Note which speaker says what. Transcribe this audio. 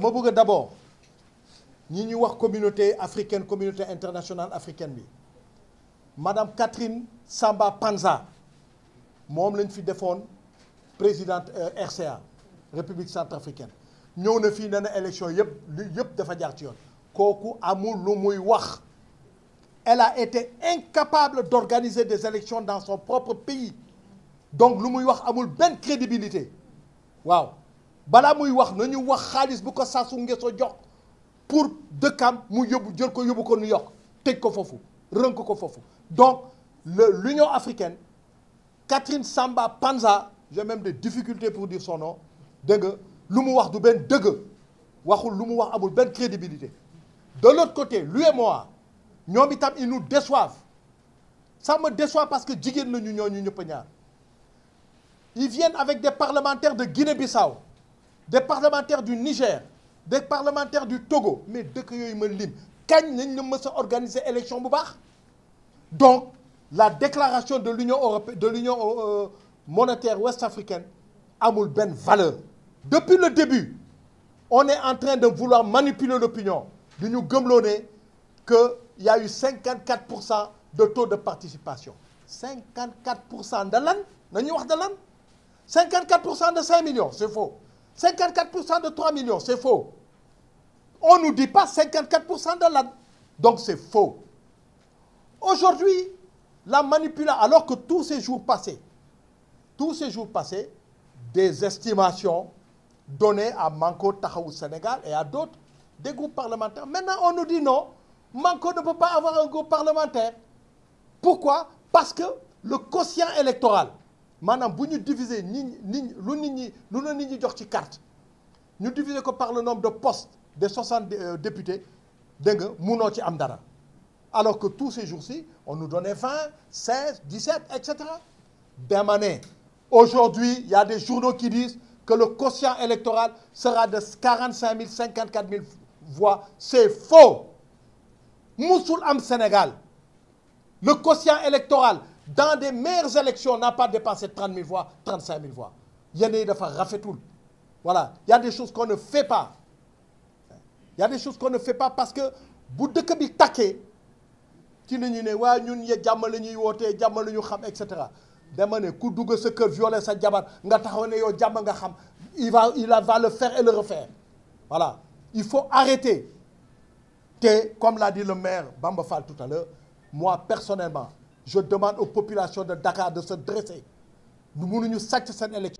Speaker 1: je bëgg d'abord ñi ñu wax communauté africaine communauté internationale africaine madame Catherine Samba Panza mom lañ fi présidente euh, RCA République centrafricaine ñëw na une élection yëpp yëpp dafa elle a été incapable d'organiser des élections dans son propre pays donc lu a wax amul crédibilité waouh bala muy wax nañu wax xaalis bu ko Sassou Nguesso jox pour dëkkam mu yóbbu jël ko yóbbu ko New York tëj ko fofu rënk ko fofu donc l'Union africaine Catherine Samba Panza j'ai même des difficultés pour dire son nom deug lu mu wax du ben deug waxul lu mu wax amul ben crédibilité de l'autre côté l'UEMOA ñom itam ils nous déçoivent ça me déçoit parce que jigen nañu ñooñu ñëpp ñaar ils viennent avec des parlementaires de Guinée-Bissau des parlementaires du Niger des parlementaires du Togo mais dès que je me Quand lañ ce mës organiser élection donc la déclaration de l'union euh, monétaire ouest-africaine a ben valeur depuis le début on est en train de vouloir manipuler l'opinion de nous gomelonner qu'il y a eu 54 de taux de participation 54 de lan 54 de 5 millions c'est faux 54% de 3 millions, c'est faux. On ne nous dit pas 54% de la... Donc c'est faux. Aujourd'hui, la manipulation, alors que tous ces jours passés, tous ces jours passés, des estimations données à Manco Tahaou Sénégal et à d'autres, des groupes parlementaires. Maintenant, on nous dit non, Manco ne peut pas avoir un groupe parlementaire. Pourquoi Parce que le quotient électoral Maintenant, si nous divisons que nous avons que carte, par le nombre de postes des 60 euh, députés, nous n'avons pas Alors que tous ces jours-ci, on nous donnait 20, 16, 17, etc. Demain, aujourd'hui, il y a des journaux qui disent que le quotient électoral sera de 45 000, 54 000 voix. C'est faux Moussoul Am Sénégal, le quotient électoral, dans des meilleures élections, on n'a pas dépensé 30 000 voix, 35 000 voix. Il y a des Voilà. Il y a des choses qu'on ne fait pas. Il y a des choses qu'on ne fait pas parce que, bout de ne taqué, qui on va ouais, nous, nous, nous, nous, nous, etc. dama ne ku dugg sa violer sa jabar nga taxaw ne nga xam il va il va le faire et le refaire voilà il faut arrêter Et, comme l'a dit le maire Bamba Fall tout à l'heure moi personnellement je demande aux populations de Dakar de se dresser Nous nous satisfaire de l'élection.